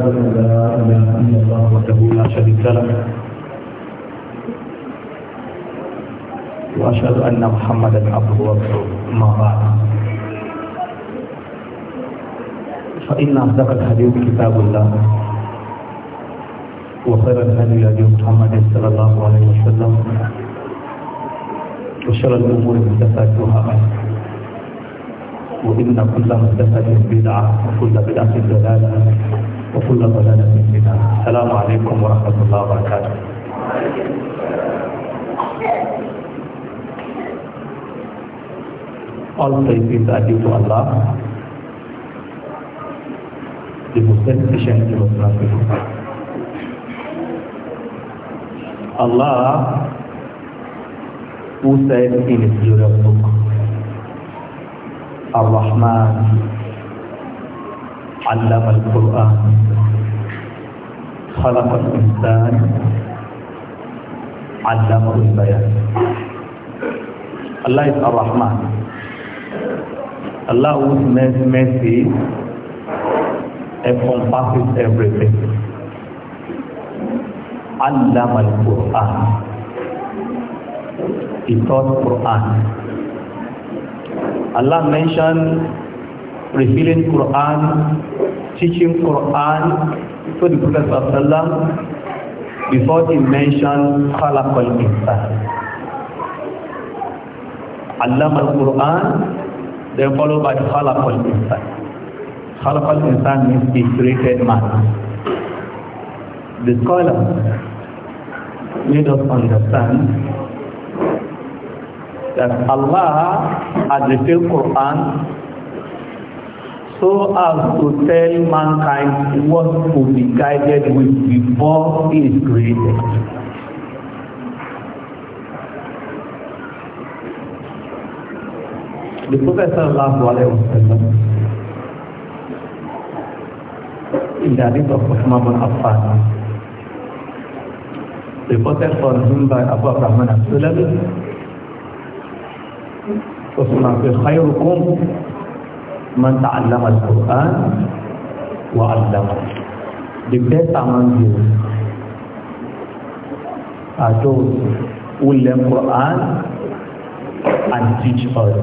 أشهد أن لا إله إلا الله وحده لا شريك له وأشهد أن محمدا عبده ورسوله أما بعد فإن أصدق الحديث كتاب الله وخير الهدي هدي محمد صلى الله عليه وسلم وشر الأمور محدثاتها وإن كل محدثة بدعة وكل بدعة ضلالة وكل ضلالة في النار السلام عليكم ورحمة الله وبركاته All praises are due to Allah, the most efficient of transmission. Allah who said in his glorious book, Ar-Rahman علم القرآن خلق الإنسان علمه البيان Allah is Ar-Rahman. Allah whose mercy encompasses everything. Allah al-Quran. He taught Quran. Allah mentioned revealing Quran, teaching Quran to the Prophet Sallallahu before he mentioned Khalaq al-Insan. Allama al-Quran, then followed by Khalaq al-Insan. Khalaq al-Insan means he created man. The scholar made us understand that Allah had revealed Quran so as to tell mankind what to be guided with before he is created. The Prophet sallallahu alayhi wa sallam in the hadith of Uthman bin Affan reported for him by Abu Rahman al-Sulami Uthman bin Khayrukum man ta'allama al-Qur'an wa 'allama the best among you are those who learn Quran and teach others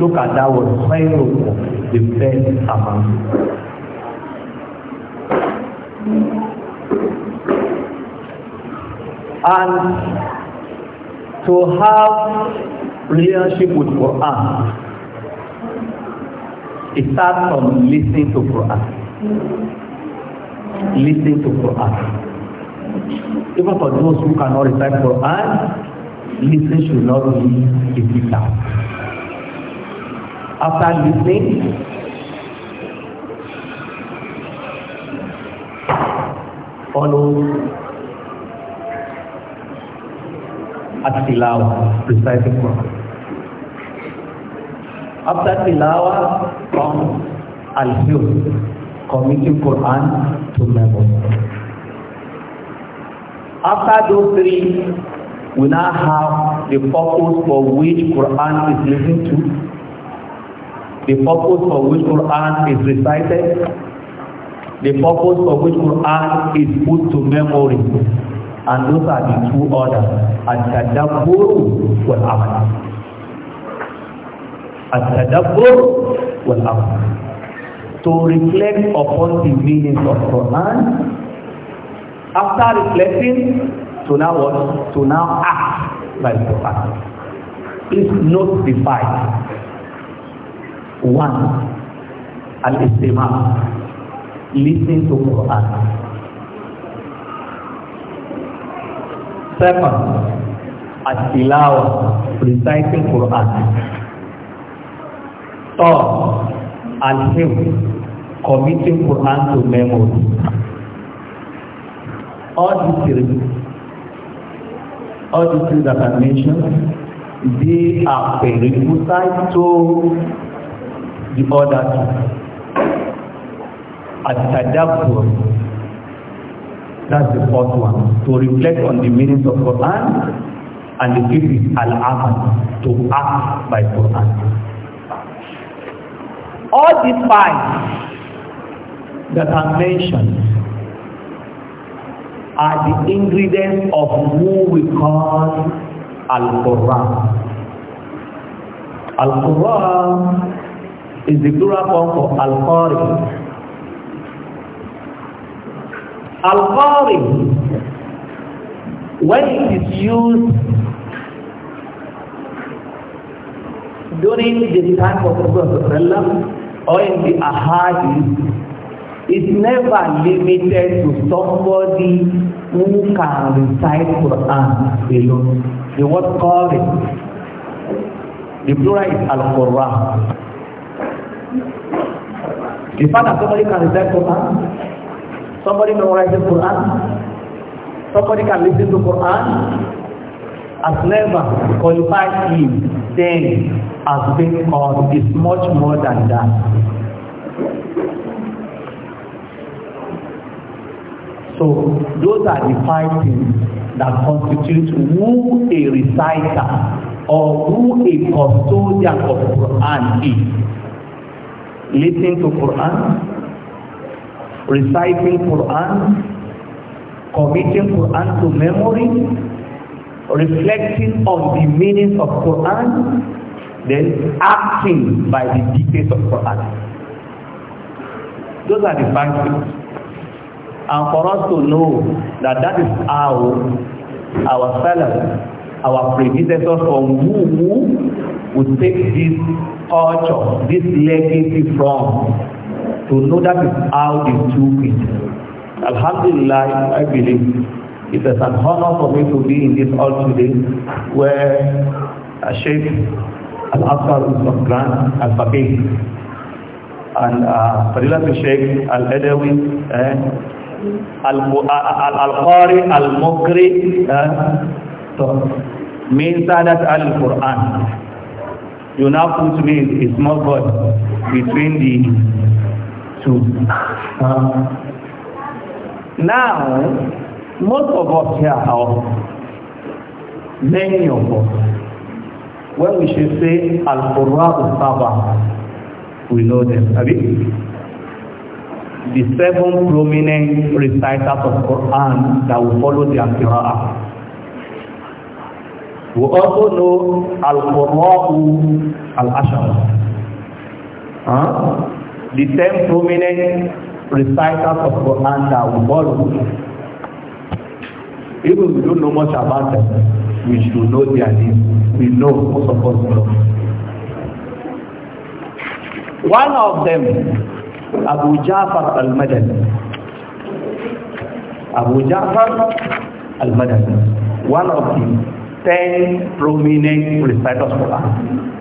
look at that word khairukum the best among you and to have relationship with Quran it starts from listening to Quran. Listening to Quran. Even for those who cannot recite Quran, listening should not be a repeated. After listening, follow at reciting Quran after tilawa comes al-hifz committing Quran to memory after those three we now have the purpose for which Quran is listened to the purpose for which Quran is recited the purpose for which Quran is put to memory and those are the two orders at tadabbur wal amal at-tadabbur wal amal to reflect upon the meaning of Quran after reflecting to now what to now act by Quran please not the five one al-istima' listen to Quran second at-tilawa reciting Quran and him committing Quran to memory all these things all these things that I mentioned they are prerequisite to the other two at-tadabbur that's the fourth one to reflect on the meanings of Quran and the fifth is al-amal to act by Quran all the five that are mentioned are the ingredients of who we call Al-Quran. Al-Quran is the plural form for Al-Qari. Al-Qari, when it is used during the time of Prophet or in the ahadith is never limited to somebody who can recite Quran alone. The word Qari, the plural is Al-Quran. The fact that somebody can recite Quran, somebody memorizes Quran, somebody can listen to Quran, never qualified him then as being called is much more than that. So those are the five things that constitute who a reciter or who a custodian of Quran is. Listening to Quran, reciting Quran, committing Quran to memory, reflecting on the meanings of Quran, then acting by the dictates of Quran. Those are the functions. And for us to know that that is how our Salaf, our predecessors from who would take this culture, this legacy from, to know that is how they took it. Alhamdulillah, I believe It is an honor for me to be in this hall today where Sheikh Al-Afar Usman Grant Al-Faqih and uh, Sheikh Al-Edawi eh, Al-Qari Al-Mukri eh, so, means that Al-Quran you now put me a small God between the two uh, now Most of us here are many of us. When we should say Al-Qurra Saba, we know them. Abi? The seven prominent reciters of Quran that will follow their Qira'ah. We also know Al-Qurra Al-Ashar. Huh? The ten prominent reciters of Quran that will follow Even we don't know much about them, we should know their name. We know most of us know. One of them, Abu Ja'far al-Madani. Abu Ja'far al-Madani, one of the ten prominent reciters for us.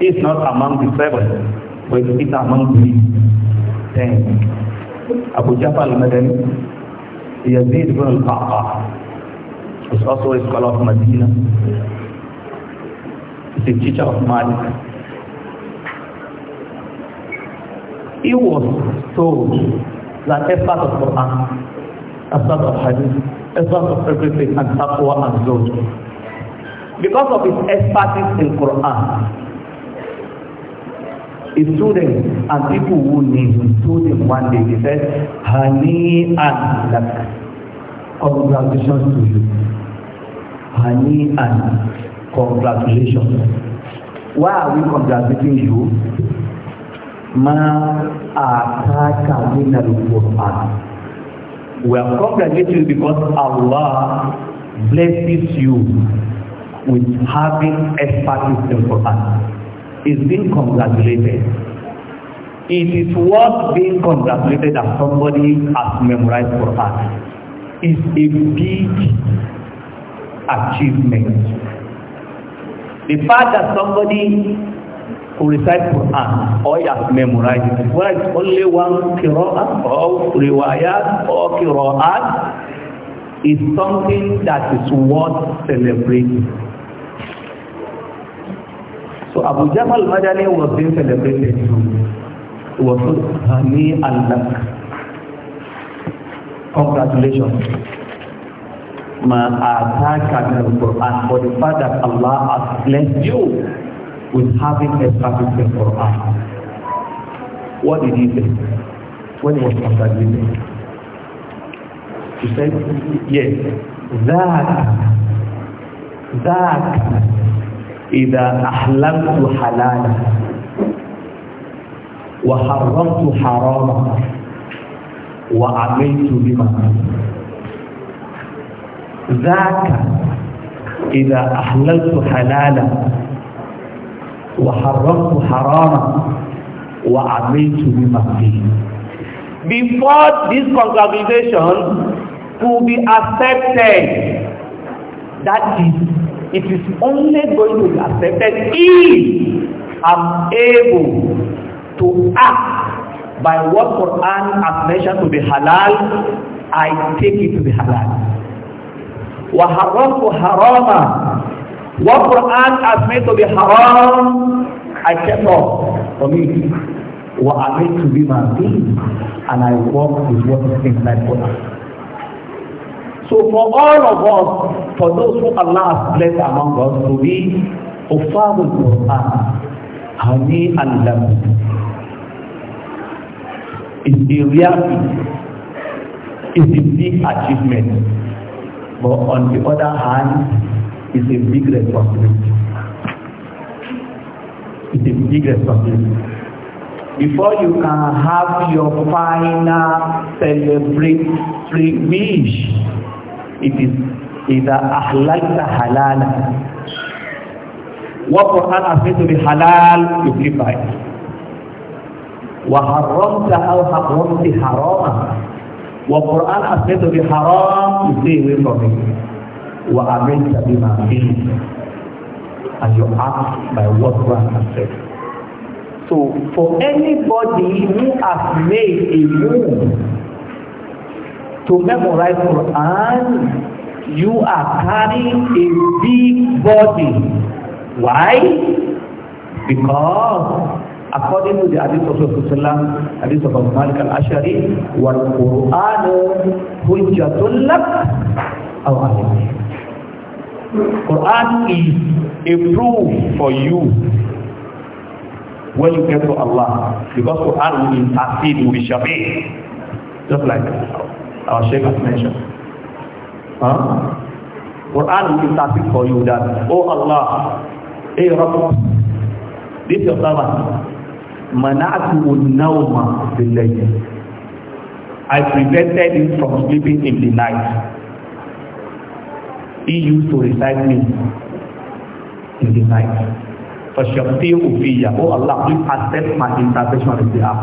is not among the seven, but is among the ten. Abu Ja'far al-Madani, Yazid ibn al-Qa'qa, Was also a scholar of Medina. He's a teacher of Malik. He was told that a part of Quran, a part of Hadith, a part of everything and taqwa and Zod. Because of his expertise in Quran, his students and people who need him told him one day, he said, Hani and congratulations to you honey and congratulation. Why are we congratulating you? Ma ataka min al-Qur'an. We are congratulating you because Allah blesses you with having expertise in Quran. Is being congratulated. It is worth being congratulated that somebody has memorized Quran. Is a big achievement. The fact that somebody could recite Quran or he has memorized it, whether it's only one Qur'an or Riwayat or Qur'an, is something that is worth celebrating. So Abu Jamal Madani was being celebrated too. It was so Hani Allah. Congratulations. ma ataka min al-Quran for Allah has blessed you with having a service in Quran. What did he say when he was contemplating? He said, yes, that that, إذا أحلمت حلالا وحرمت حراما وعملت بما ذاك إذا أحللت حلالا وحرمت حراما وعملت بما فيه Before this congregation to be accepted, that is, it is only going to be accepted if I'm able to act by what Quran has mentioned to be halal, I take it to be halal. وحرمت حراما وقرآن Quran بحرام made to be haram, I kept off for me. What I made to be my thing, and I walk with what is inside Quran. So for all of us, for those who Allah has blessed among us to be Ufam al-Quran, Hani is the reality, is the big achievement. But on the other hand, it's a big responsibility. It's a big responsibility. Before you can have your final celebratory wish, it is إذا أحللت حلالا وقرآن أفيد بحلال يكفي وحرمت أو حرمت حراما Quran وقرآن haram, بحرام stay away from it وأمرت بما فيه and you act by what God has said so for anybody who has made a move to memorize Quran you are carrying a big body why because according to the hadith of Rasulullah, hadith of Malik al-Ashari, Quran حُجَّةٌ لَكْ أَوْ عَلَيْكَ Quran is a proof for you when you get to Allah because Quran will intercede with Shafi just like our Sheikh has mentioned. Huh? Quran will intercede for you that, Oh Allah, hey Rabb, this is your servant mana'atu an-nawma bil layl I prevented him from sleeping in the night he used to recite me in the night for shakti ufiya oh Allah please accept my intercession on his behalf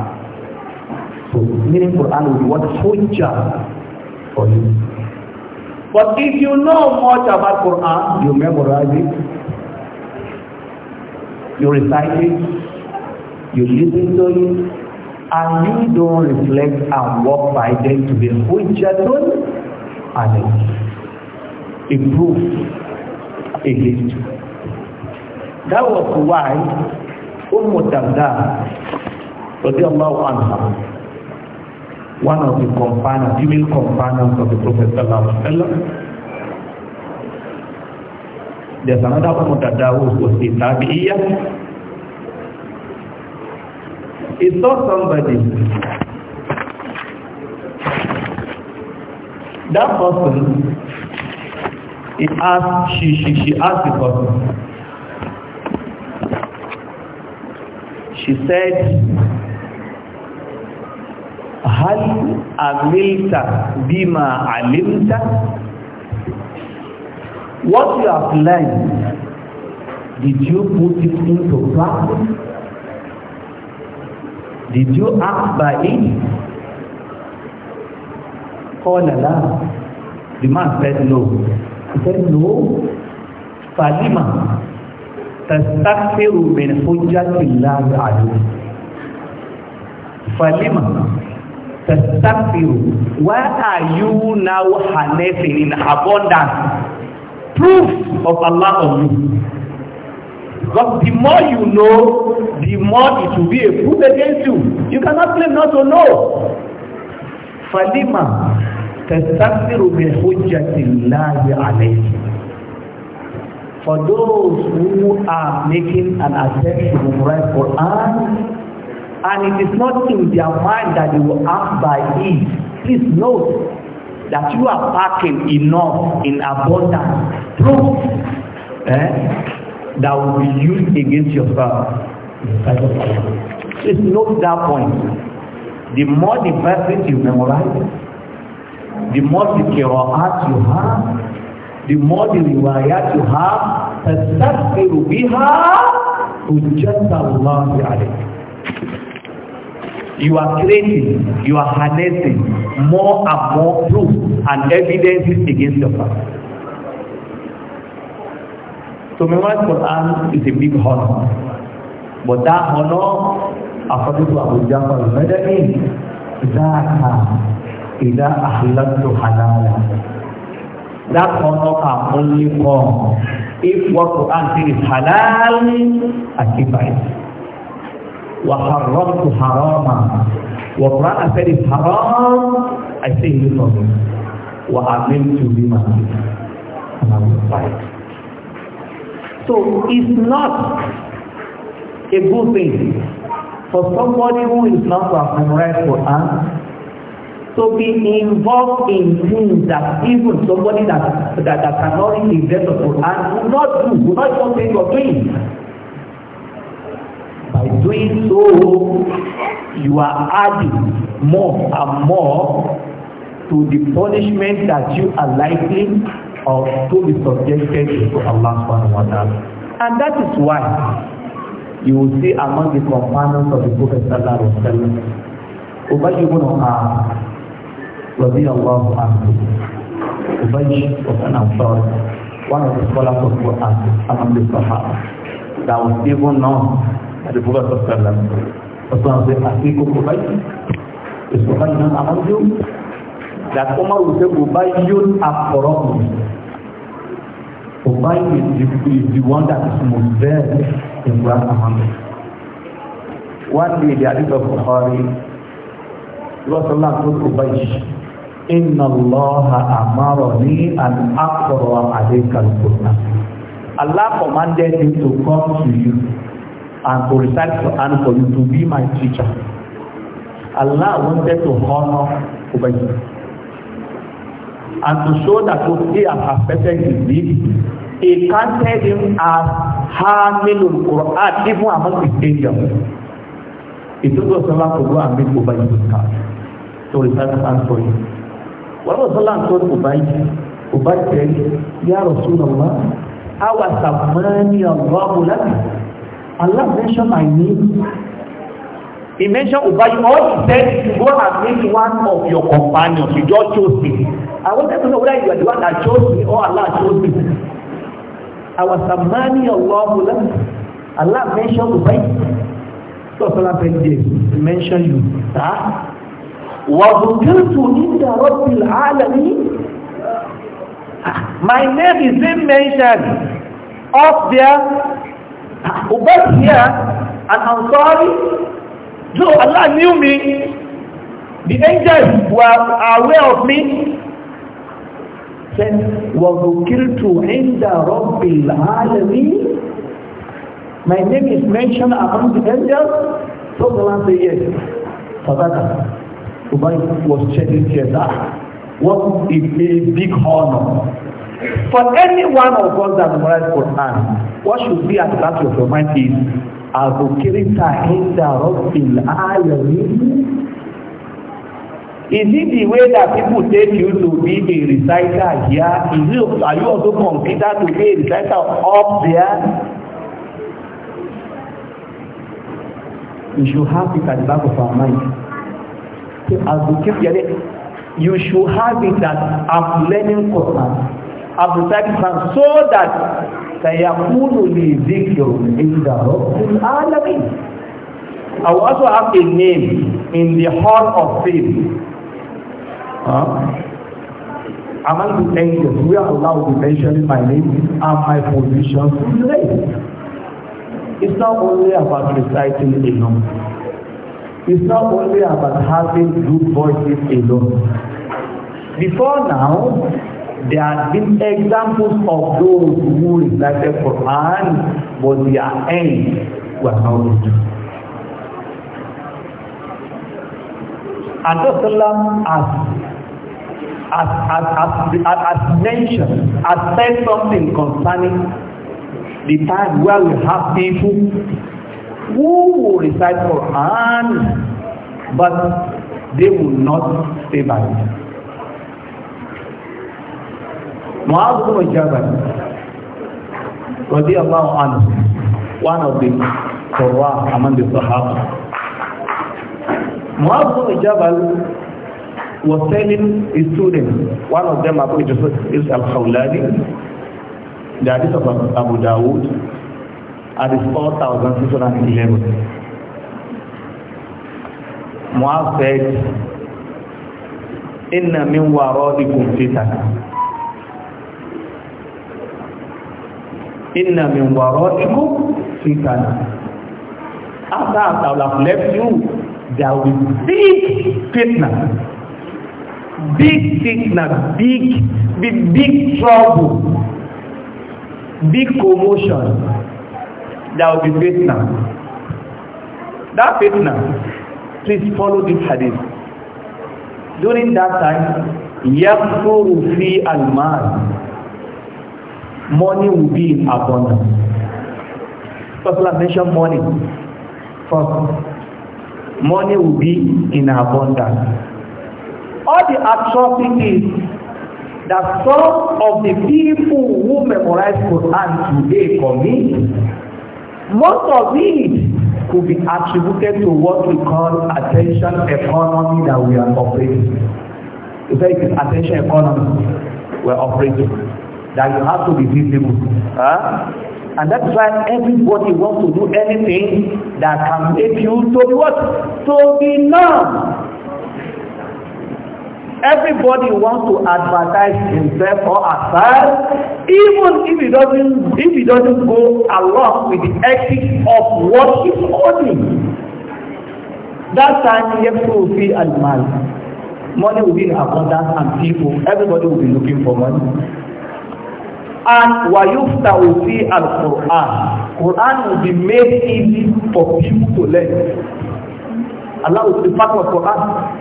so meaning Quran will be what hujja for you but if you know much about Quran you memorize it you recite it you listen to it, and you don't reflect and work by them to be hujjatun alayk. A proof against you. That was why Umm Darda, radiallahu anha, one of the companions, female companions of the Prophet sallallahu alaihi wasallam, there's another one that was a tabi'iyah He saw somebody. That person, he asked, she, she, she asked the person. She said, هل عملت بما علمت what you have learned did you put it into practice did you ask by him? Call Allah. The man said no. He said no. Falima. Tastaghfiru min hujjatillahi alayhi. Falima. Tastaghfiru. Why are you now harnessing in abundance proof of Allah on you? Because the more you know, the more it will be a proof against you. You cannot claim not to know. Falima tastaghfiru bi hujjati Allahi alayhi. For those who are making an attempt to for Quran, and it is not in their mind that they will act by it, please note that you are packing enough in abundance. Proof. Eh? that will be used against your spouse. Just note that point. The more the verses you memorize, the more the kiraat you have, the more the riwayat you have, the تستغفر بها حجة الله عليك. You are creating, you are harnessing more and more proof and evidences against your father. To memorize Quran is a big honor. But that honor, according to Abu Jafar al-Madani, ذاك إذا أحللت Halala. That honor can only come if what Quran says is halal, I keep it. وحرمت حراما وقرأ said it's haram, I say it from him. وعملت بما and I will fight. So it's not a good thing for somebody who is not familiar for us to be involved in things that even somebody that that, that cannot read the verse of Quran will not do, will not even think of doing. By doing so, you are adding more and more to the punishment that you are likely or to be subjected to Allah subhanahu wa ta'ala. And that is why you will see among the companions of the Prophet sallallahu alaihi wasallam, Ubay ibn Ka'ab, radiyallahu anhu. Ubay was an Ansari, one of the scholars of Quran among the Sahaba, that was even known at the Prophet sallallahu alaihi wasallam. Rasulullah said, "Akikum Ubay, is Ubay not among you?" that Omar will say, Ubayyun Akorok. Ubay is the, is the one that is most versed in Quran Muhammad. One day, the Hadith of Bukhari, Rasulullah told Ubay, Inna Allah amarani an akra alayka al-Qur'an. Allah commanded me to come to you and to recite Quran for you to be my teacher. Allah wanted to honor Ubay and to show that what they have perfected his deed, he counted him as harming Hamilul Quran, even among his angels. It took Rasulullah to go and meet Ubay ibn Ka'b to recite Quran for him. When Rasulullah told Ubay, Ubay said, Ya Rasulullah, I was a man Allahu lak. Allah mentioned my name. He mentioned Ubay, all he said, go and meet one of your companions. You just chose him. I wanted to know whether you are the one that chose me or Allah chose me. I was a man Allah Allah mentioned Ubay. So Allah said, yes, mention you. Huh? وَذُكِرْتُ عِنْدَ رَبِّ الْعَالَمِينَ My name is being mentioned up there, ah, Ubay here, and I'm sorry. So Allah knew me. The angels were aware of me sẹ́ وَذُكِرْتُ عِنْدَ رَبِّ الْعَالَمِينَ my name is mentioned among the angels so the man say yes sadaka Ubay was checking Jezah what a, a big honor for any one of us that memorize Quran what should be at the back of your mind is أَذُكِرْتَ عِنْدَ رَبِّ الْعَالَمِينَ Is it the way that people take you to be a reciter here? Is it, are you also considered to be a reciter up there? You should have it at the back of our mind. As we keep hearing, you should have it that I'm learning Quran. I'm reciting Quran so that sayakunu li dhikrun inda rabbil alamin. I will also have a name in the heart of faith huh? Among the angels, we are allowed to mention my name and my position today. It's not only about reciting alone. It's not only about having good voices alone. Before now, there have been examples of those who recited Quran, but their end was not good. And Rasulullah asked, as, as, as, as mentioned, as said something concerning the time where we have people who will recite Quran, but they will not stay by it. Mu'adh ibn Jabal, radiyallahu anhu, one of the Qurra among the Sahaba. Mu'adh ibn was telling his students, one of them Abu Joseph is Al-Khawlani, the hadith of Abu Dawood, and it's 4,611. Muaz said, Inna min waradikum fitana. Inna min waradikum fitana. After I have left you, there will be fitna big sickness big big big trouble big commotion That will be now. that now. please follow this hadith during that time yakfuru fi almal money will be in abundance First, Prophet mentioned money first money will be in abundance all the atrocities that some of the people who memorize Quran today commit, most of it could be attributed to what we call attention economy that we are operating. You say it is attention economy we are operating, that you have to be visible. Huh? And that's why everybody wants to do anything that can make you to be what? To be known. Everybody wants to advertise himself or herself, even if he doesn't if he doesn't go along with the ethics of what he's holding. That time he will feel animal. Money will be in abundance and people, everybody will be looking for money. And Wayufta will be Al Quran. Quran will be made easy for people to learn. Allah will be part of Quran.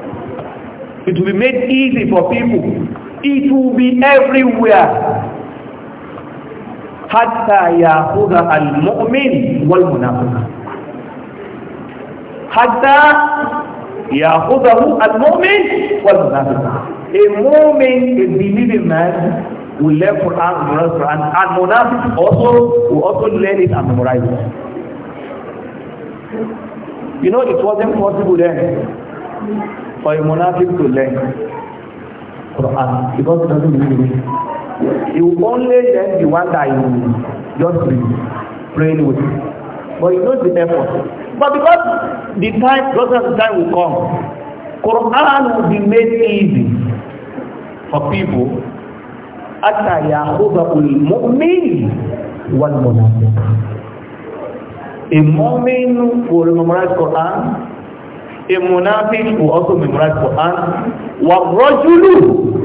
It will be made easy for people. It will be everywhere. حتى يأخذ المؤمن والمنافق حتى يأخذه المؤمن والمنافق A mu'min, a believing man will learn Quran, memorize and and Munafiq also will also learn it and memorize it. You know, it wasn't possible then for a monastic to learn Quran because it doesn't mean it. You only learn the one that you just be praying with. But you know the effort. But because the time, because the time will come, Quran will be made easy for people حتى يأخذه one والمنافق. A moment will memorize Quran A munafiq will also memorize Quran. Wàrọ́júlù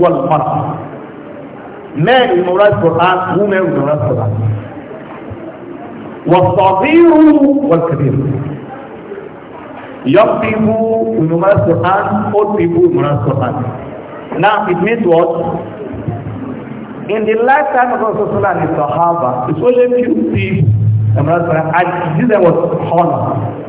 wal mar'a. Men will memorize Quran, women will memorize Quran. Wàsọ̀bírù wal kabir. Young people will memorize Quran, old people will memorize Quran. Now it means what? In the lifetime of Rasulullah and the Sahaba, it's only few people memorized Quran. And this was honor.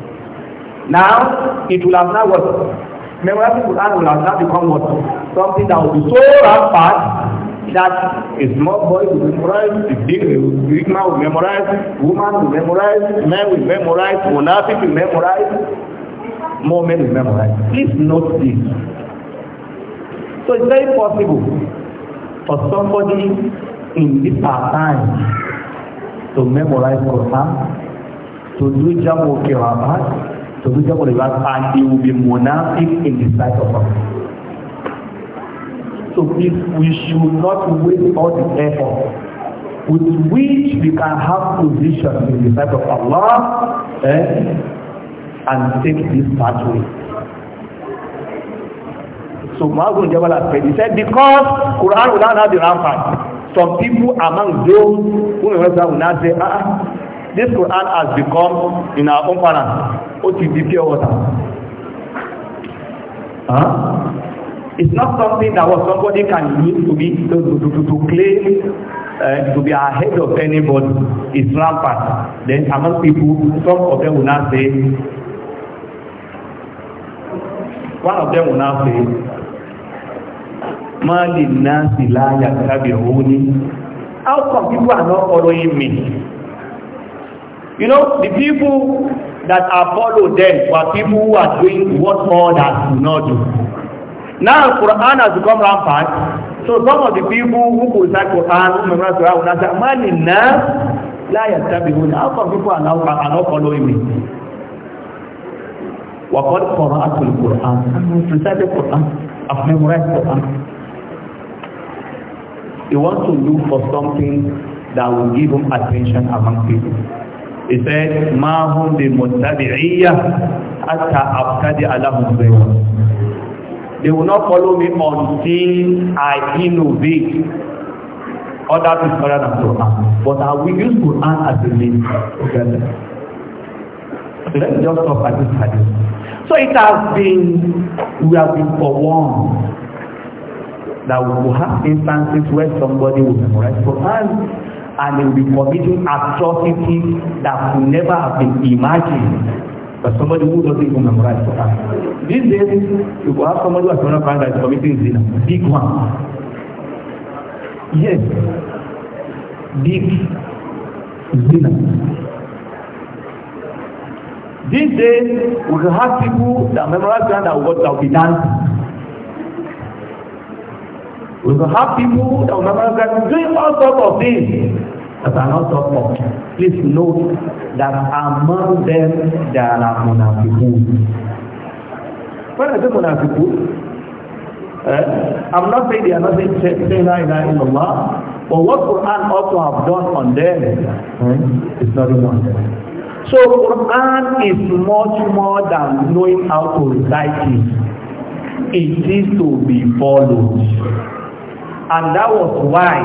Now, it will have now what Memorizing Quran will have now become what? Something that will be so rampant that a small boy will memorize, a big man will memorize, woman will memorize, men will memorize, monastic will memorize, more men will memorize. Please note this. So it's very possible for somebody in this our time to memorize Quran, to do Jamu Kirabat, So we talk about and they will be monastic in the sight of us. So if we should not waste all the effort with which we can have position in the sight of Allah eh, and take this pathway. So Muazzin Jabal has said, he said, because Quran will not have the rampart, some people among those who will not say, ah, ah This Quran has become in our own parents, ó ti di pure water. Huh? It's not something that what somebody can use to be to, to, to, to claim uh, to be ahead of anybody It's rampant. Then among people, some of them will not say, one of them will not say, Mali Nasi Laya Kabiruni. How come people are not following me? You know, the people that are follow them were people who are doing what others do not do. Now Quran has become rampant. So some of the people who recite Quran, who memorize Quran, will say, Man in la yastabihun. How come people are now are not following me? وقد قرأت القرآن I've recited Quran I've memorized Quran He want to look for something that will give him attention among people ìfẹ́ máa hún lè mọ̀tàbí ríyà àtà àfkádé aláhùnbẹ̀wọ̀. They will not follow me until I innovate other things other than Quran. But I will use Quran as a means. So let's just stop at this hadith. So it has been, we have been forewarned that we will have instances where somebody will memorize for us and they will be committing atrocities that could never have been imagined by somebody who doesn't even memorize for Quran. These days, you will have somebody who has not Quran that is committing zina, big one. Yes, big sin. These days, we will have people that memorize Quran that will be dancing. We will have people that will never doing all sorts of things that are not of Please note that among them there are munafiqun. When I say munafiqun, eh, I'm not saying they are not saying say la ilaha illallah, but what Quran ought to have done on them eh, is not enough. So Quran is much more than knowing how to recite it. It is to be followed and that was why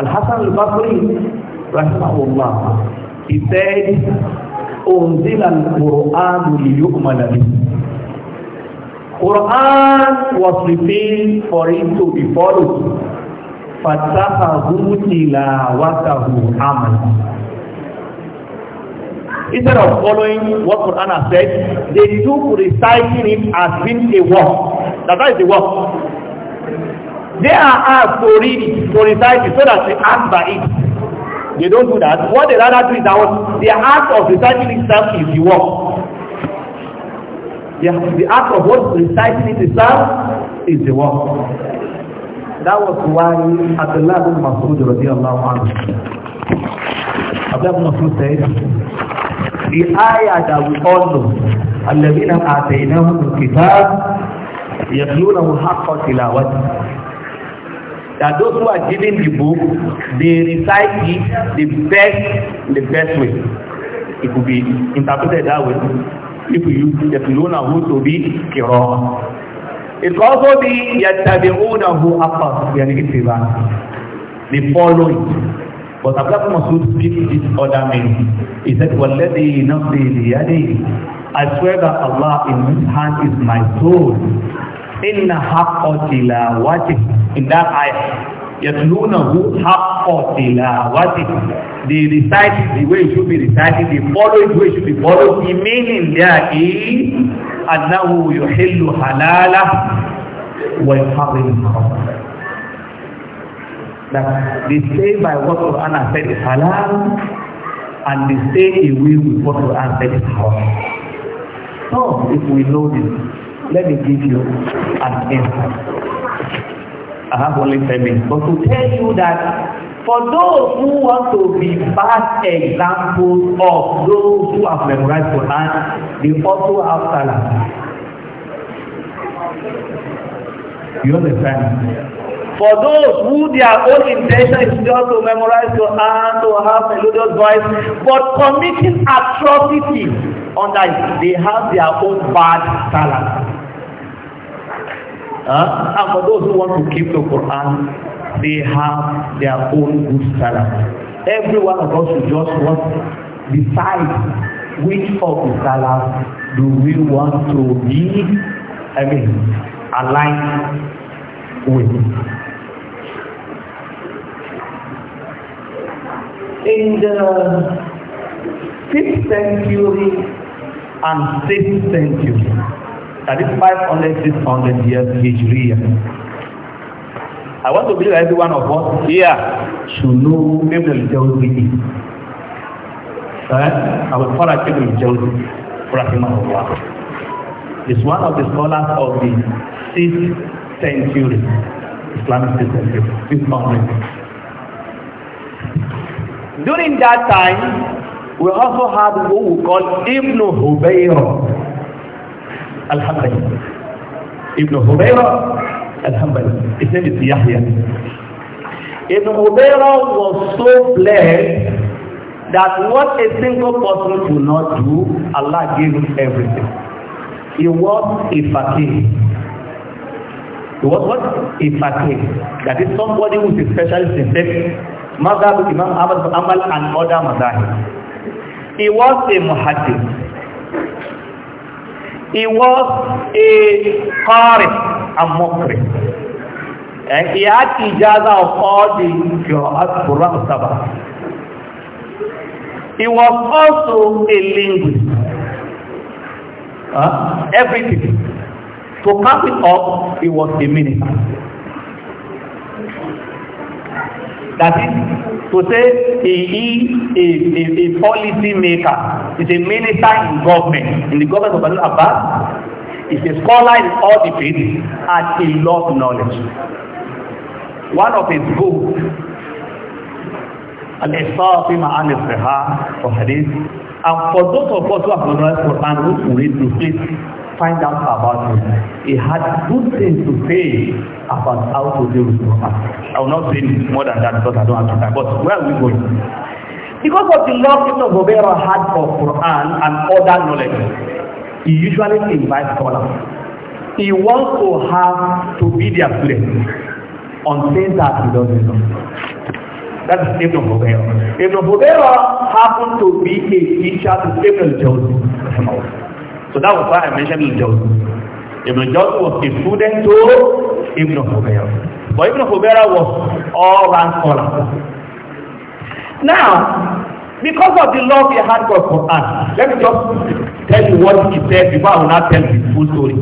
Al-Hasan al-Basri rahimahullah he said unzila al-Quran liyu'mala Quran was revealed for it to be followed fatafahu tilawatahu amal instead of following what Quran has said, they took reciting it as being a work. That is the work. They are asked already to recite it so that they ask by it. They don't do that. What they rather do is that what the act of reciting itself is the work. The, the act of what reciting it itself is the work. That was why Abdullah bin Masud radiallahu anhu. Abdullah bin Masud said, the ayah that we all know, الَّذِينَ آتَيْنَهُمُ الْكِتَابِ يَتْلُونَهُ حَقَّ تِلَاوَتِهِ that those who are giving the book, they recite it the best, the best way. It could be interpreted that way. If you the who to be قراءة. It could also be يَتَّبِعُونَهُ أَقَّى يعني اتباع. They follow it. But Abdullah Masud speaks this other meaning. He said, وَالَّذِي نَفْسِي بِيَدِهِ I swear that Allah in His hand is my soul inna haqqo tilawati in that ayah yatlunahu haqqo tilawati they recite it the way it should be recited they follow it the way it should be followed the meaning there is annahu yuhillu halala wa yuharrimu harama that they stay by what Quran has said is halal and they stay away with what Quran said is haram so if we know this let me give you an answer. I have only ten minutes. But to tell you that for those who want to be bad examples of those who have memorized Quran, they also have talent. You understand? For those who their own intention is just to memorize Quran, to have melodious voice, but committing atrocities, on that, they have their own bad talent. Uh, and for those who want to keep the Quran, they have their own good salaf. Every one of us should just want decide which of the salaf do we want to be, I mean, aligned with. In the 5th century and 6th century, that is 500, 600 years Hijriya. I want to believe every one of us here should know Ibn al-Jawzi. will call scholar Ibn al-Jawzi, is one of the scholars of the 6th century, Islamic 6th century, During that time, we also had what we call Ibn Hubayra. الحنبلي ابن هريرة الحنبلي his name is Yahya Ibn Huraira was so blessed that what a single person could not do, Allah gave him everything. He was a faqih. He was what? A faqih. That is somebody who is a specialist in faith. Mazhab Imam Ahmad Amal and other mazahib. He was a muhaddith. He was a qari, a mokri. And he had ijaza of all the Qur'an Quran Sabah. He was also a linguist. Huh? Everything. To cap it up, he was a minister. That is, to say he, is, is a policy maker, is a minister in government, in the government of Banu Abbas, is a scholar in all the fields, and he loves knowledge. One of his books, Al-Ihsa fi Ma'an al-Sihah for Hadith, and for those of us who have memorized Quran, we read to please find out about him. He had good things to say about how to deal with Quran. I will not say more than that because I don't have time. But where are we going? Because of the love Ibn Zubairah had for Quran and other knowledge, he usually invites scholars. He wants to have to be their student on things that he doesn't know. That's Ibn Zubairah. Ibn Zubairah happened to be a teacher to Ibn Jawzi. So that was why I mentioned Ibn Jawzi. Ibn Jawzi was a student to Ibn Hubayra. But Ibn Hubayra was all-round scholar. Now, because of the love he had for Quran, let me just tell you what he said before I will not tell the full story.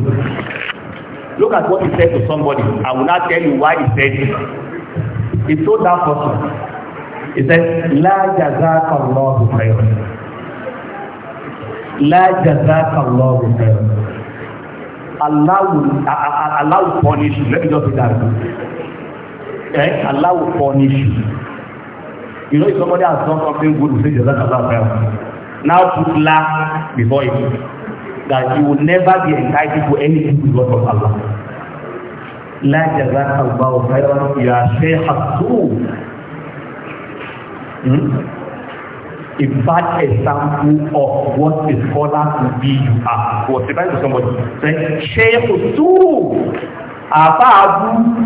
Look at what he said to somebody. I will not tell you why he said it. He told that person. He said, La jazakallahu khairan la jazakallahu khairan. Allah will, Allah will punish you. Let me just say that. Eh? Allah will punish you. You know, if somebody has done something good, we say jazakallahu khairan. Now put la before it. That you will never be entitled to anything because of Allah. La jazakallahu khairan. You are shaykh as a bad example of what a scholar will be you are. Was the Bible somebody said, Sheikh Osu, Aba Abu,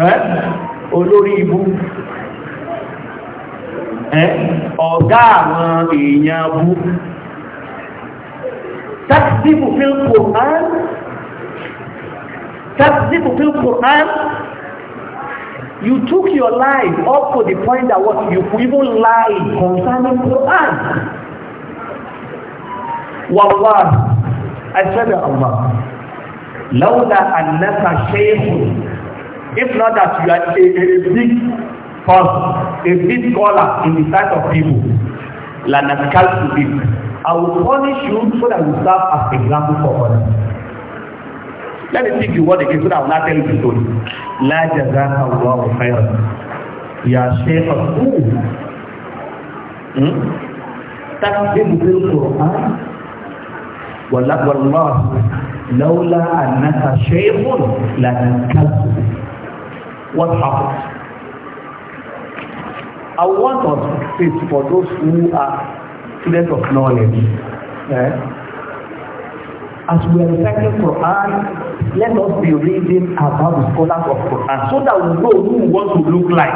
eh? Olórí Ibu, eh? Ọ̀gá àwọn èèyàn Abu. That people feel Quran. That people feel Quran. You took your life up to the point that what you even lied concerning Quran. Wallah, I said to Allah, Lawla annaka shaykhun. If not that you are a, a, big person, a big scholar in the sight of people, lanakaltu bik. I will punish you so that you serve as example for others. Let me speak the word again so that I will not tell you the story. La jazaka Allahu khairan. Ya Sheikh Ooh. Hmm? Tasbihu bil Quran. Wala wallahu laula annaka shaykhun la tankasu. What happened? I want us to for those who are students of knowledge. Eh? as we are reciting Quran, let us be reading about the scholars of Quran so that we know who we want to look like.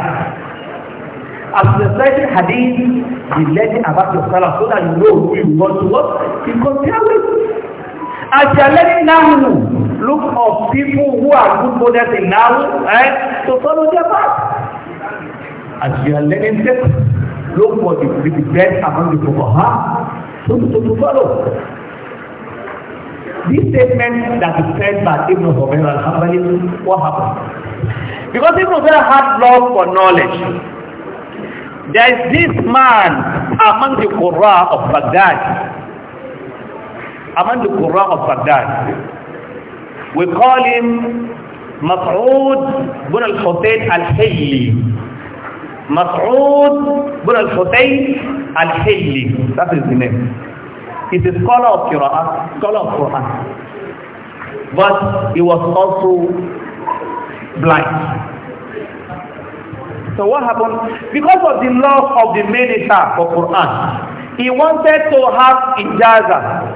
As we are reciting Hadith, be learning about the scholars so that you know who you want to work. In compare As you are learning now, look of people who are good models in now, eh, to follow their path. As you are learning Fiqh, look for the, the best among the Fuqaha, so to, to follow. This statement that is said by Ibn Hubayr al-Hambali, what happened? Because Ibn Hubayr had love for knowledge. There is this man among the Qurra of Baghdad. Among the Qurra of Baghdad. We call him Mas'ud bin al-Hutayn al-Hayli. Mas'ud bin al-Hutayn al-Hayli. That is the name. He's a scholar of Qur'an, scholar of Quran. But he was also blind. So what happened? Because of the love of the minister for Quran, he wanted to have ijaza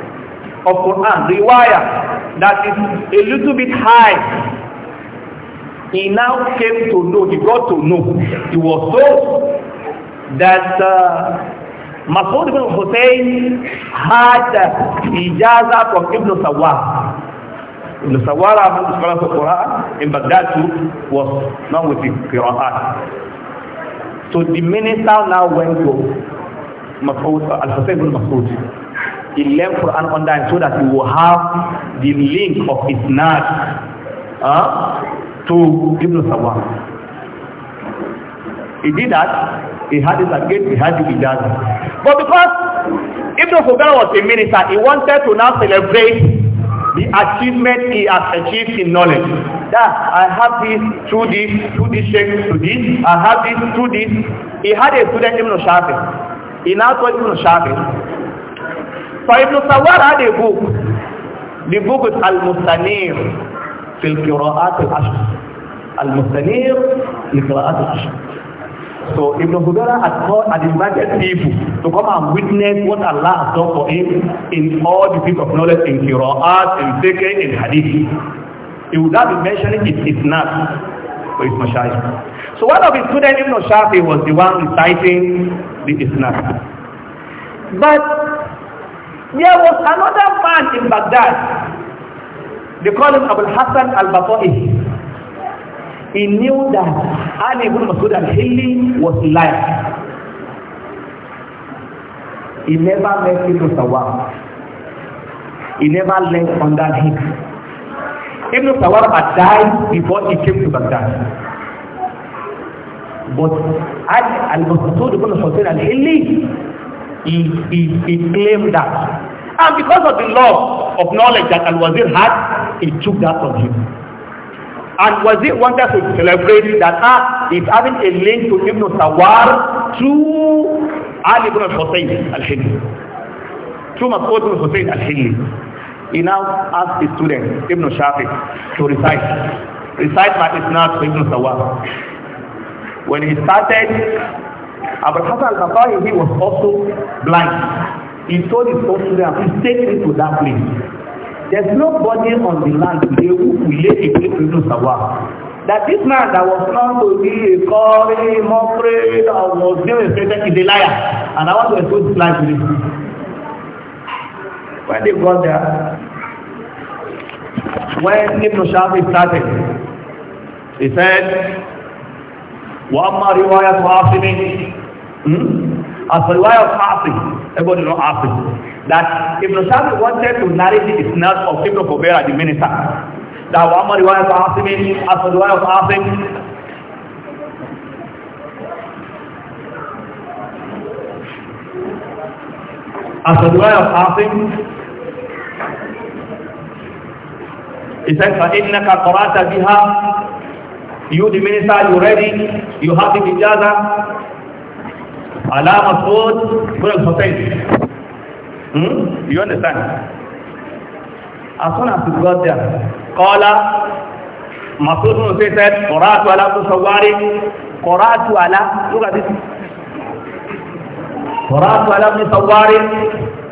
of Quran, riwayah, that is a little bit high he now came to know, he got to know, he was told that uh, Mas'ud bin Hussein had ijaza from Ibn Sawwar. Ibn Sawwar among the scholars of Quran in Baghdad too was not with him the Qira'at. So the minister now went to Mas'ud, Al-Hussein bin He learned Quran under him so that he will have the link of his nad uh, to Ibn Sawwar. He did that. He had it again, he had the ijaza. But because Ibn Fugan was a minister, he wanted to now celebrate the achievement he has achieved in knowledge. That I have this through this, through this shape, through this, I have this through this. He had a student Ibn Shafi. He now told Ibn Shafi. So Ibn Sawar had a book. The book is Al-Mustanir fil Qira'at al-Ashr. Al-Mustanir fil Qira'at al-Ashr. So Ibn Hudara had called and invited people to come and witness what Allah has done for him in all the fields of knowledge, in Qira'at, in Fiqh, in Hadith. He would not be mentioning it, it's not for Ibn Shafi. So one of his students, Ibn Shafi, was the one reciting the Isnad. But there was another man in Baghdad. They call him Abul Hassan al-Bata'i. He knew that Ali ibn Masud al-Hilli was lying. He never met Ibn Sawar. He never left under him. Ibn Sawar had died before he came to Baghdad. But Ali al-Masud ibn Hussein al-Hilli he, he, he claimed that. And because of the law of knowledge that Al-Wazir had, he took that from him. And Wazir wanted to celebrate that ah, is having a link to Ibn Sawar through Ali ibn al-Hussein al-Hilli. Through Mas'ud ibn Hussein al-Hilli. He now asked his student, Ibn Shafi, to recite. Recite my Isnad to Ibn Sawar. When he started, Abu Hassan al-Bakari, he was also blind. He told his student, he take me to that place. There's nobody on the land today who will lay a claim to Ibn Sawa. That this man that was known to be a calling, mockery, or was never expected is a liar. And I want to expose his life to this. When they got there, when Ibn Shafi started, he said, وأما رواية عاصم as رواية عاصم everybody know عاصم that Ibn Sabi wanted to narrate the isnad of Ibn Fubaira, the minister. That one more riwayah of Asimin, as for the riwayah of Asim, as for the riwayah of Asim, He said, فَإِنَّكَ قَرَأْتَ بِهَا You the minister, you ready, you have the ijaza. على مسعود بن الحسين Hmm? You understand? As soon as it got there, Qala, Masud ibn Usayd said, Qara'atu ala Musawwari, Qara'atu ala, look at this. Qara'atu ala Musawwari,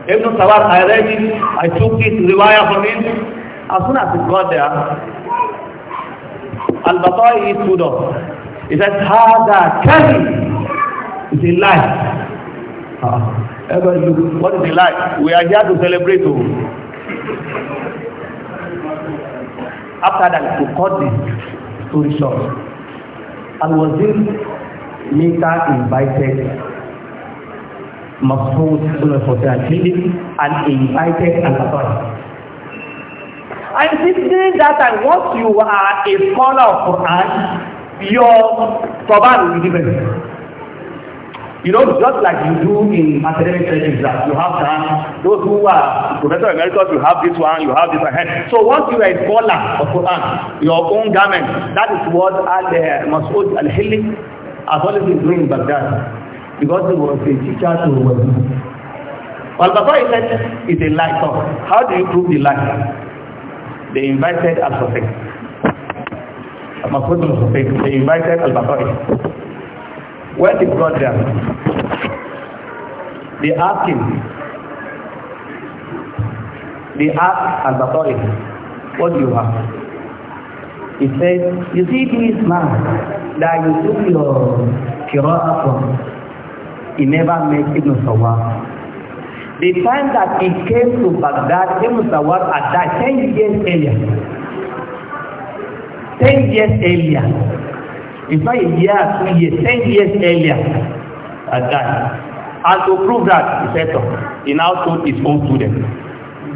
Ibn Sawar, I read it, I took this riwayah from him. As soon as it got there, Al-Bata'i is stood He said, Hada Kali is a lie. Uh -huh. Everybody look, what is the light? We are here to celebrate. Oh. After that, to cut the story short. And was this later invited Mahmoud Sunan Hossein and invited an authority. And since that time, once you are a scholar of Quran, your Quran will be different. You know, just like you do in academic exams, you have that. Those who are professor emeritus, you have this one, you have this one. So once you are a scholar of Quran, your own garment, that is what Al-Masud uh, Al-Hilli has always been doing in Baghdad. Because he was a teacher to Wazi. Well, before he said, it's a light talk. How do you prove the light? They invited Al-Sufik. Masud Al-Sufik, they invited Al-Bakari when they brought them they asked him they asked al-Batai what do you have he said you see this man that you took your Qira'ah from he never met Ibn Sawar. The time that he came to Baghdad, Ibn Sawar had died ten years earlier. ten years earlier in fact a year two years ten years earlier at that and to prove that he said so he now told his own student."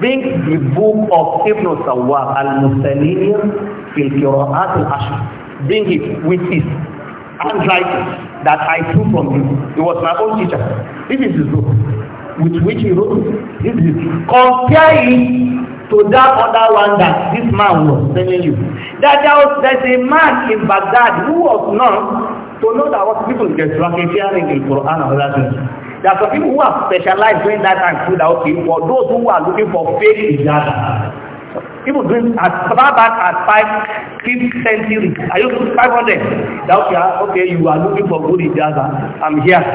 bring the book of Ibn Sawwab al-Musallim fil Qira'at al-Ashr bring it with his handwriting that I took from him it was my own teacher this is his book with which he wrote this is compare it to that other one that this man was telling you That there was, there's a man in Baghdad who was known to know that what people get racketeering in Quran and other things. There are some people who are specialized during that time too that okay, for those who are looking for fake Ijazah. People doing as far back as five, fifth century. Are you to five hundred. That okay, ah, okay, you are looking for good in Ijazah. I'm here.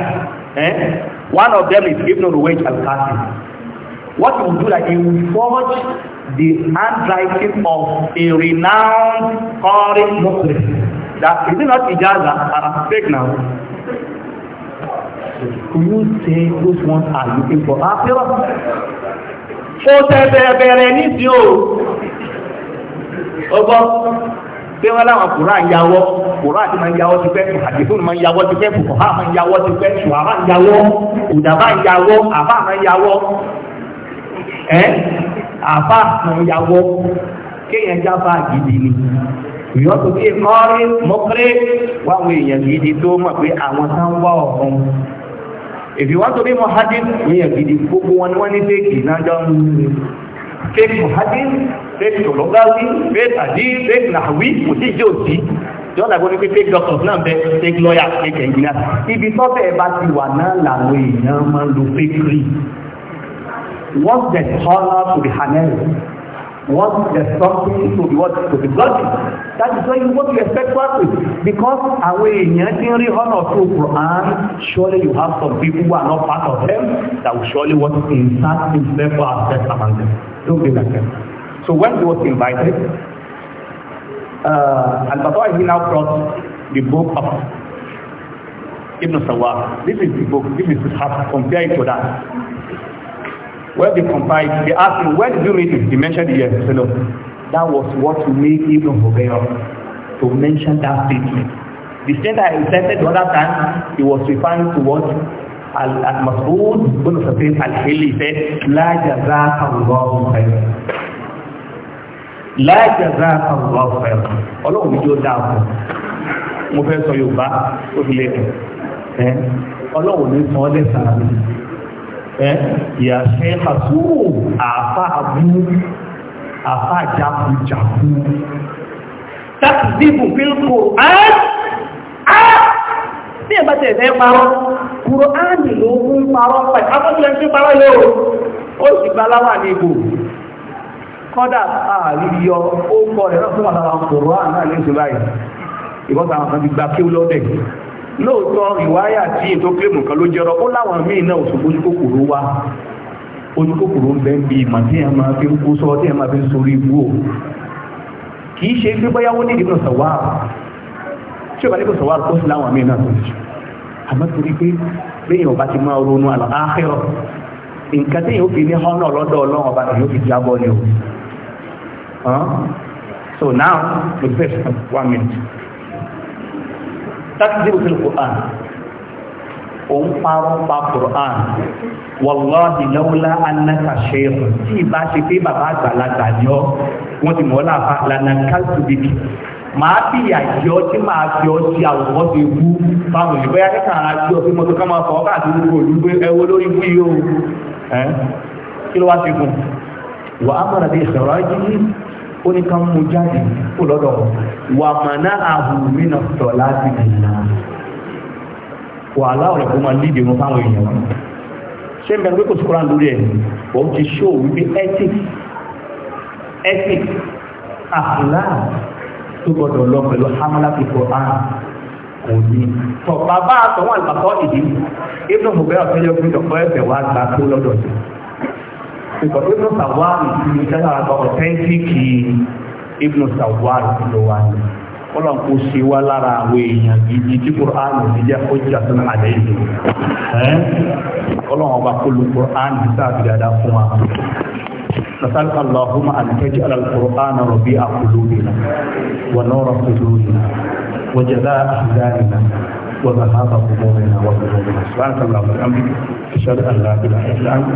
Eh? One of them is Ibn Ruwayj al-Qasim what he will do like he will forge the handwriting of a renowned foreign Muslim. That is it not Ijaza that I'm fake now? Can you say which ones are looking for Afira? Ó tẹ̀sẹ̀ bẹ̀rẹ̀ ní sí Ó gbọ́ pé wọ́n láwọn kùrá ń yawọ́, kùrá àti máa ń yawọ́ ti pẹ́, àdìfún máa ń yawọ́ ti pẹ́, kùkọ̀há máa ń yawọ́ ti pẹ́, ṣùhárá ń yawọ́, kùdàbá ń yawọ́, àbá máa ń yawọ́ ẹ́ àfá àwọn ìyàwó kéèyàn jáfà gidi ni ìyọ́ tó bí kọ́rí mọ́kúrẹ́ wáwọn èèyàn gidi tó mọ̀ pé àwọn tán wá ọ̀hún èfìwọ́n tó bí mọ́hádín èèyàn gidi gbogbo wọn ni wọ́n ní fèkì náà jọ ń fèkì mọ́hádín fèkì tòlọ́gáwí fèkì àdí fèkì nàwí kò sí ìjọ òsì tí wọ́n dàgbọ́ ní ibi tọ́bẹ̀ bá ti wà náà làwọn èèyàn máa ń What's the honor to be handled. want the something to be what to be godly. That is why you want to expect practice. Because àwọn èèyàn ti ń honor through Quran, surely you have some people who are not part of them that will surely want to insert himself or access among them. Don't be like them. So when he was invited, uh, before he now brought the book of Ibn Sawwar. This is the book, this is his heart, compare it to that. Where they confide, they ask him, where did you meet? it? He mentioned it here. He that was what made Ibn Hubayr to mention that statement. The statement I recited the other time, he was referring to what Al-Mas'ud bin Safin Al-Hili said, La jazaka Allahu khayr. La jazaka Allahu khayr. Ọlọ́run mi jó dáàbò. Mo fẹ́ sọ Yorùbá, ó fi lé ẹ̀. Ọlọ́run ní sọ ọ́ lẹ́sàn-án ìyá ṣe àtúrò àfá àbú àfá jàpùjàpù tàbí dìbò fílkò ní ẹ̀bá tẹ̀ fẹ́ parọ́ kúrò áàmì ló ń parọ́ pẹ̀lú afọ́sílẹ̀ tí parọ́ yóò ó sì gba aláwà ní ibò kọ́dà àríyọ ó kọ́ rẹ̀ náà fún àlàwà kòrò àà náà lè lóòótọ́ ìwáyà tí ètò kílèmù kan ló jẹ́rọ ó láwọn míì náà òṣù ojú kòkòrò wá ojú kòkòrò ń bẹ ń bi ìmọ̀ tí ẹ máa fi ń kú sọ tí ẹ máa fi ń sorí ibú o kì í ṣe pé báyáwó ní ìdìbò sọ̀wá tí ò bá nígbà sọ̀wá kó sí láwọn míì náà tó ti àmọ́ torí pé lẹ́yìn ọba ti máa ronú àlọ́ áhẹ́rọ̀ nǹkan tí yóò fi ní hánà lọ́dọ̀ ọlọ́run ọba yóò fi jábọ́ ni o so now we first one minute takdiru fil Qur'an òun parọ́ pa Qur'an wallahi lawla annaka shaykh tí ìbá ṣe pé bàbá àgbàlagbà yọ wọ́n ti mọ̀ láàfà lànà káltùbìkì màá fi ìyàjẹ́ ọ tí màá fi ọ sí àwòkọ́ ti wú fáwọn ìlú bóyá kẹta ara tí ọ fi mọ́tò ká máa fọ́ káàkiri kò lù pé ẹwọ́ lórí fún yìí o kí ló wá ti gùn wà á mọ̀ràn bí ìṣòro ayé ó ní ká mú jáde kó lọ́dọ̀ wà màná àhùmí náà sọ láti dènà wàhálà ọ̀rẹ́ kó máa lídìí wọn fáwọn èèyàn ṣé n bẹ̀rẹ̀ pé kò sí kóra lórí ẹ̀ ó ti ṣó wípé ethics ethics àhùlá tó gbọdọ̀ lọ pẹ̀lú hamala pípọ̀ án kò ní. tọ̀ bàbá àtọ̀wọ́n àlùbáfọ́ ìdí ibùdó mọ̀gbẹ́rẹ́ ọ̀fẹ́ yọ fún ìdọ̀kọ́ ẹ̀fẹ̀ wá gbà kó lọ́dọ̀ sí ìgbà tó ló sàwárì sí ní ìjọba àgbà ọ̀tẹ́ńtíkì ibnu sàwárì sí ló wà ní ọlọ́run kò ṣe wá lára àwọn èèyàn gidi tí kùránù ti jẹ́ ọjà tó náà lè lò ọlọ́run ọba kò lu kùránù sáàbì dáadáa fún wa nasal allahumma an taji ala alqur'ana rabi'a qulubina wa nura qulubina wa jazaa ahzanina wa zahaba qulubina wa qulubina subhanaka wa bihamdika ashhadu an la ilaha illa anta